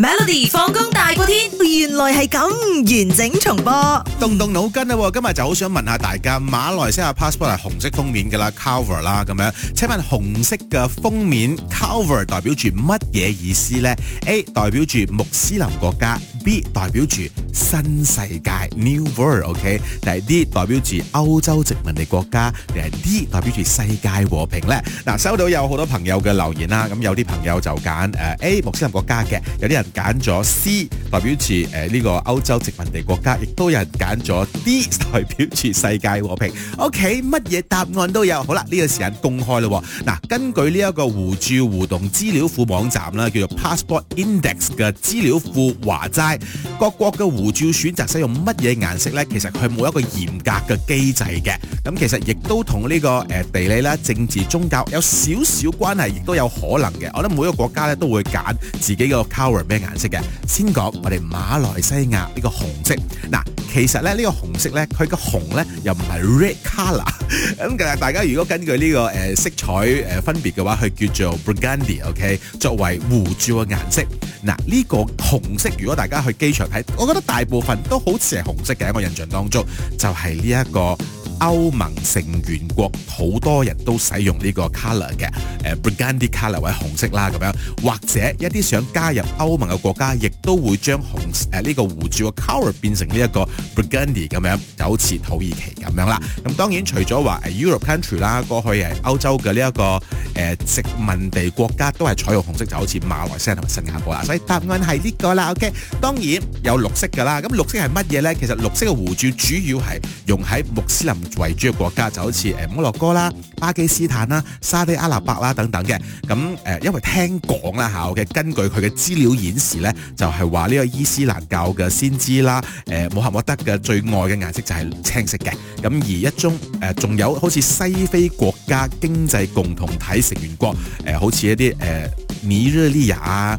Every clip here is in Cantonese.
Melody 放工大過天，原來係咁完整重播。動動腦筋啦、啊，今日就好想問下大家，馬來西亞 passport 係紅色封面噶啦 cover 啦咁樣，請問紅色嘅封面 cover 代表住乜嘢意思呢？A 代表住穆斯林國家，B 代表住新世界 New World，OK？、Okay? 定係 D 代表住歐洲殖民地國家，定係 D 代表住世界和平呢？嗱，收到有好多朋友嘅留言啦，咁有啲朋友就揀誒 A 穆斯林國家嘅，有啲人。揀咗 C，代表住誒呢個歐洲殖民地國家，亦都有人揀咗 D，代表住世界和平。O.K. 乜嘢答案都有，好啦，呢個時間公開啦。嗱，根據呢一個護照互動資料庫網站啦，叫做 Passport Index 嘅資料庫話齋，各國嘅護照選擇使用乜嘢顏色呢？其實佢冇一個嚴格嘅機制嘅。咁其實亦都同呢個誒地理咧、政治、宗教有少少關係，亦都有可能嘅。我諗每個國家咧都會揀自己嘅 colour 顏色嘅，先講我哋馬來西亞呢個紅色。嗱，其實咧呢個紅色呢，佢個紅呢又唔係 red color 咁噶啦。大家如果根據呢個誒色彩誒分別嘅話，佢叫做 burgundy，ok。作為護照嘅顏色，嗱呢個紅色，如果大家去機場睇，我覺得大部分都好似係紅色嘅。喺我印象當中，就係呢一個。歐盟成員國好多人都使用呢個 color 嘅，誒、呃、Burgundy color 或者紅色啦，咁樣或者一啲想加入歐盟嘅國家，亦都會將紅誒呢、呃這個護照嘅 color 變成呢一個 Burgundy 咁樣，就好似土耳其咁樣啦。咁當然除咗話誒 Europe country 啦，過去誒歐洲嘅呢一個誒殖、呃、民地國家都係採用紅色，就好似馬來西亞同埋新加坡啦。所以答案係呢個啦，OK。當然有綠色㗎啦，咁綠色係乜嘢呢？其實綠色嘅護照主要係用喺穆斯林。為主要國家就好似誒摩洛哥啦、巴基斯坦啦、沙地阿拉伯啦等等嘅，咁、嗯呃、因為聽講啦吓我嘅根據佢嘅資料顯示呢就係話呢個伊斯蘭教嘅先知啦，穆罕默德嘅最愛嘅顏色就係青色嘅，咁、嗯、而一宗仲、呃、有好似西非國家經濟共同體成員國、呃、好似一啲誒尼日利亞、啊。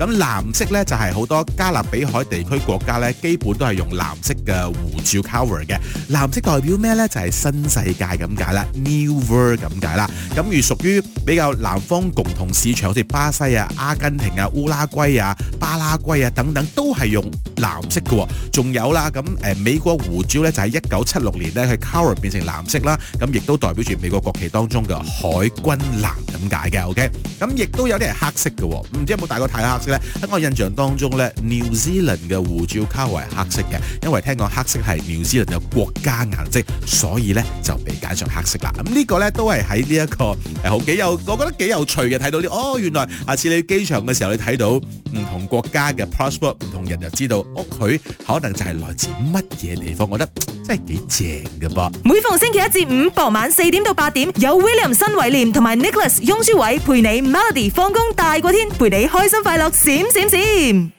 咁藍色呢就係好多加勒比海地區國家呢基本都係用藍色嘅護照 cover 嘅。藍色代表咩呢？就係新世界咁解啦，new world 咁解啦。咁如屬於比較南方共同市場，好似巴西啊、阿根廷啊、烏拉圭啊、巴拉圭啊等等，都係用。藍色嘅，仲有啦，咁誒、呃、美國護照咧就喺一九七六年咧，佢 cover 變成藍色啦，咁亦都代表住美國國旗當中嘅海軍藍咁解嘅，OK，咁亦都有啲係黑色嘅，唔知道有冇大個睇黑色呢？喺我印象當中呢，New Zealand 嘅護照 cover 係黑色嘅，因為聽講黑色係 New Zealand 嘅國家顏色，所以呢就俾揀上黑色啦。咁呢個呢，都係喺呢一個好幾有，我覺得幾有趣嘅，睇到啲、這個、哦，原來下次你去機場嘅時候，你睇到唔同國家嘅 passport，唔同人就知道。屋佢可能就係來自乜嘢地方，我覺得真係幾正㗎噃。每逢星期一至五傍晚四點到八點，有 William 新偉廉同埋 Nicholas 雍舒偉陪你 Melody 放工大過天，陪你開心快樂閃閃閃。閃閃閃